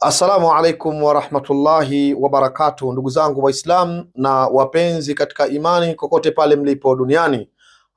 Assalamu alaikum warahmatullahi wabarakatuh, ndugu zangu Waislamu na wapenzi katika imani kokote pale mlipo duniani.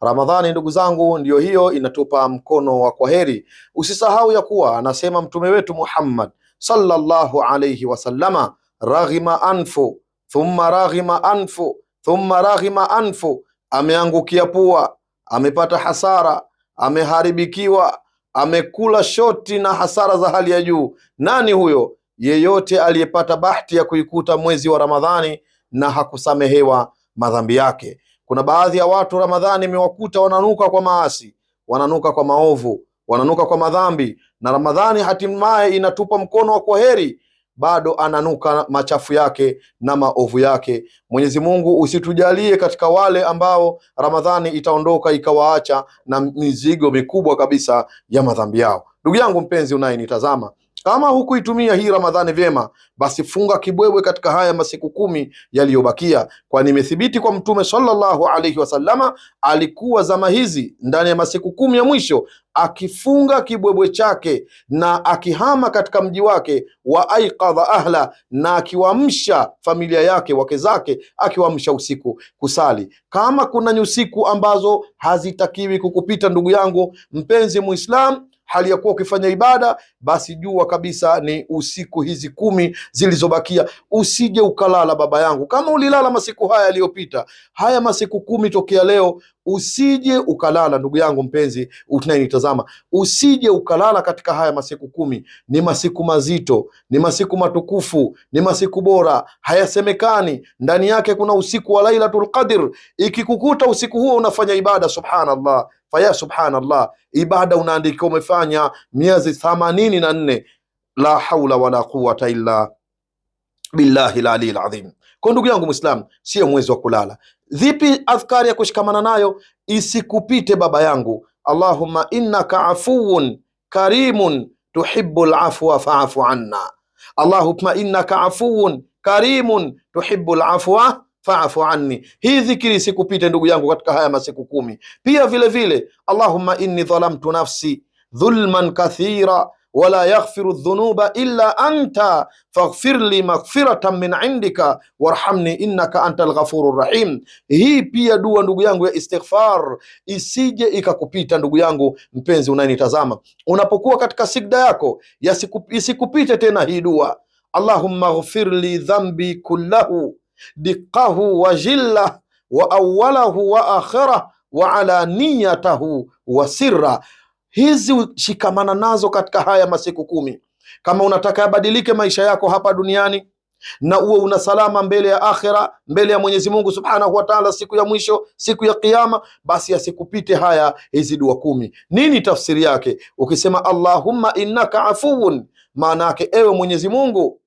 Ramadhani ndugu zangu, ndiyo hiyo inatupa mkono wa kwaheri. Usisahau ya kuwa anasema mtume wetu Muhammad sallallahu alayhi wasallama, raghima anfu thumma raghima anfu thumma raghima anfu, ameangukia pua, amepata hasara, ameharibikiwa amekula shoti na hasara za hali ya juu. Nani huyo? Yeyote aliyepata bahati ya kuikuta mwezi wa Ramadhani na hakusamehewa madhambi yake. Kuna baadhi ya watu Ramadhani imewakuta wananuka kwa maasi, wananuka kwa maovu, wananuka kwa madhambi, na Ramadhani hatimaye inatupa mkono wa kwaheri bado ananuka machafu yake na maovu yake. Mwenyezi Mungu usitujalie katika wale ambao Ramadhani itaondoka ikawaacha na mizigo mikubwa kabisa ya madhambi yao. Ndugu yangu mpenzi unayenitazama kama hukuitumia hii Ramadhani vyema, basi funga kibwebwe katika haya masiku kumi yaliyobakia, kwani imethibiti kwa Mtume sallallahu alaihi wasallama alikuwa zama hizi ndani ya masiku kumi ya mwisho akifunga kibwebwe chake na akihama katika mji wake wa aiqadha ahla, na akiwaamsha familia yake, wake zake, akiwaamsha usiku kusali. Kama kuna nyusiku ambazo hazitakiwi kukupita, ndugu yangu mpenzi Muislam, hali ya kuwa ukifanya ibada, basi jua kabisa ni usiku hizi kumi zilizobakia. Usije ukalala baba yangu, kama ulilala masiku haya yaliyopita, haya masiku kumi tokea leo Usije ukalala ndugu yangu mpenzi unayenitazama, usije ukalala katika haya masiku kumi. Ni masiku mazito, ni masiku matukufu, ni masiku bora, hayasemekani. Ndani yake kuna usiku wa Lailatul Qadr. Ikikukuta usiku huo unafanya ibada, subhanallah, faya subhanallah, ibada unaandikiwa umefanya miezi thamanini na nne. La haula wala quwata illa billahi lalil adhim. Kwa ndugu yangu Mwislamu, sio mwezi wa kulala. Vipi adhkari ya kushikamana nayo? Isikupite baba yangu, Allahumma innaka afuwun karimun tuhibbu lafwa faafu anna, Allahumma innaka afuun karimun tuhibbu lafwa faafu anni. Hii dhikiri isikupite ndugu yangu katika haya masiku kumi. Pia vile vile, Allahumma inni dhalamtu nafsi dhulman kathira wala yaghfiru dhunuba illa anta faghfir li maghfiratan min indika warhamni innaka anta alghafuru rahim. Hii pia dua ndugu yangu ya istighfar isije ikakupita ndugu yangu mpenzi unayenitazama, unapokuwa katika sigda yako isikupite tena hii dua, Allahumma ghfir li dhambi kullahu diqahu wa jillah wa awwalahu wa akhirah wa alaniyatahu wa sirra hizi ushikamana nazo katika haya masiku kumi, kama unataka yabadilike maisha yako hapa duniani na uwe una salama mbele ya akhera, mbele ya Mwenyezi Mungu Subhanahu wa Ta'ala, siku ya mwisho, siku ya Kiyama, basi asikupite haya hizi dua kumi. Nini tafsiri yake? Ukisema Allahumma innaka afuun maana yake ewe Mwenyezi Mungu